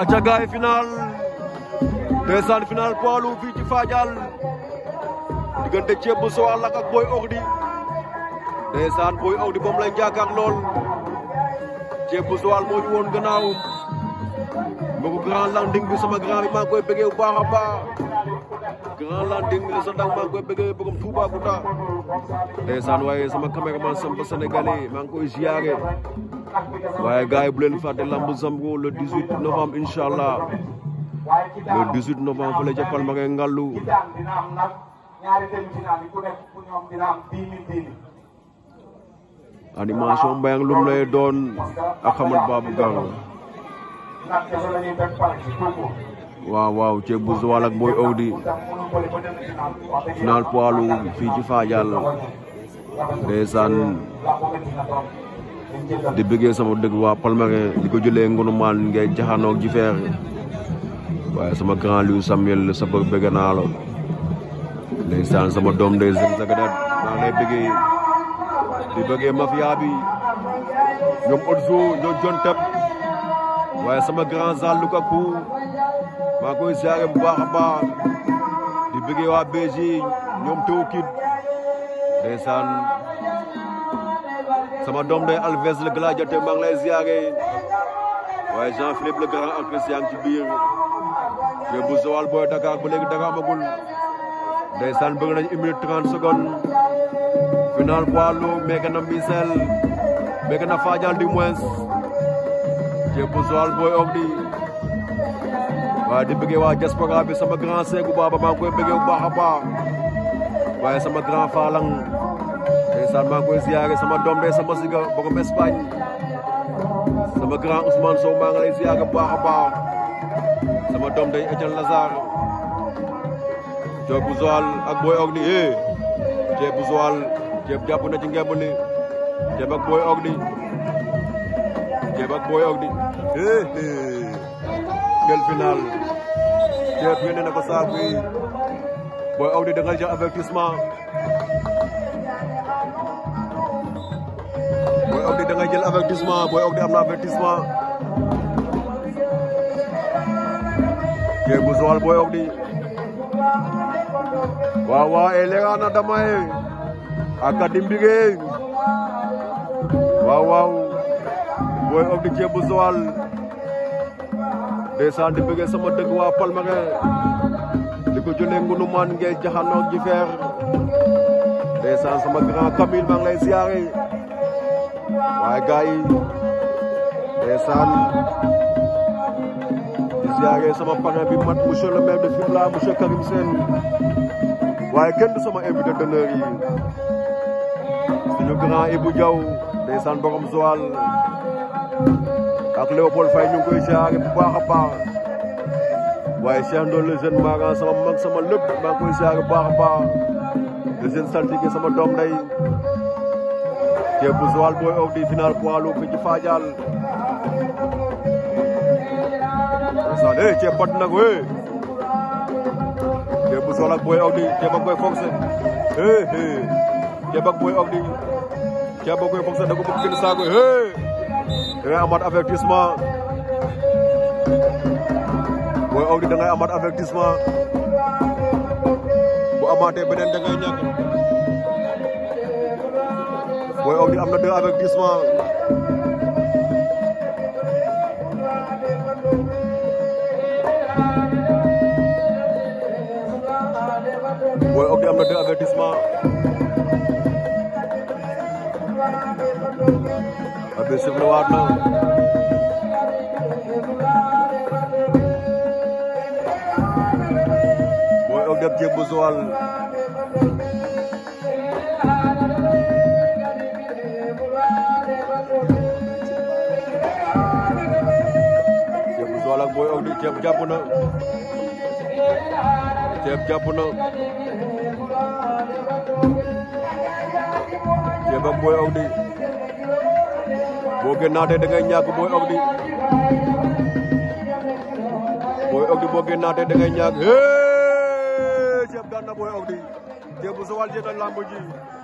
aca gaay e final ndeysaan final poids lourd fii ci Fadial diggante Thieb bu Joal ak Boy Ordi ndeysaan Boy Ordi moom lañ jàkkaar lool Thieb bu moo ñu woon gannaaw mbokku grand landing bi sama grand maa koy bëggee bu baax a baax grand landing sa ndaw maa ngi koy bëggee borom Toubacouta ndeysaan waaye sama caméraman sam ba sénégalais maa koy ziyaare waye gaay bu len faté lamb Zambo le 18 novembre Inshallah le 18 novembre fële jappal ma ngay ngàllu animation mbayang lum lay doon ak xamal babu gang waaw waaw ci bu Joal ak boy Awdi final poalu fi ci Fadial ndeysaan di bëggee sama dëkk waa Palmarin di ko jëlee ngunumaan ngay jaxanoog ji waaye sama grand Louis Samuel sa bër bëgg naa la ndeysaan sama doom day sën sa gadaat maa bëggee di bëggee mafia ñoom Odzo ñoom John waaye sama grand Zal Lukaku maa koy siyaare bu di bëggee waa BG ñoom Tewkid ndeysaan sama doom day Alves le gladiateur maa ngi lay ziare waaye Jean Philippe le grand ak Christian ci biir yooyu bu Joal booy Dakar ba léegi Dakar amagul ndeysaan bëgg nañ une minute trente secondes final poids lourd meeke na Mbisel meeke na Fadiane du booy om di waaye di bëggee waa diaspora bi sama grand Seeku Baba maa ngi bëggee bu baax waaye sama grand Falang sama maa sama doom sama siga sama grand Ousmane Sow maa ngi lay ziyaare sama Dombe, day Etienne Lazare Diop bu Joal Boy eh Diop bu Joal Diop jàpp na Agboy Ogni Boy Ogni Diop Boy eh eh gel final Jeb ini na Boy Ogni dengan nga jël Boy Ordi da ngay jël avertissement Boy Ordi am na avertissement Gueye bu Joal Boy Ordi waaw waaw eleerana eh, dama ye eh. akadim bige eh. waaw waaw Boy Ordi Gueye bu di bëgg sama dëkk waa Palmarin di ko jëlee ngunu maan ndeysaan sama grand Kamil maa ngi lay siyaare waaye gars yi siyaare sama parrain bi mat monsieur le maire de Fimela monsieur Karim waaye kenn du sama invité d'honneur yi suñu grand Ibou Diaw ndeysaan borom Joal ak Léopold Faye ñu ngi koy siyaare bu baax a baax waaye Cheikh Ndol le jeune maran sama mag sama lépp maa ngi koy siyaare bu baax deuxième saltige sama doom day te bu Joal Boy of final poids lourd fi ci eh, ceeb pot nag wee ceeb ak Boy Fongse eh, hee eh. hee ceeb ak Boy of ceeb ak Boy Fongse da ko bëgg gën saako hee da ngay amaat avertissement Boy of di da ngay amaat amaatee beneen da ngay ñàkk Boy Ordi am na deux avertissement Boy dem Jémbu Joal Jémbu Joal ak Boy Ordi ceeb jàpp na ceeb jàpp na ceeb ak Boy Ordi boo génnaatee da ngay ñàkk Boy Ordi Boy Ordi boo génnaatee da ngay ñàkk daan na Boy Ordi démb Joal jëndal lamb ji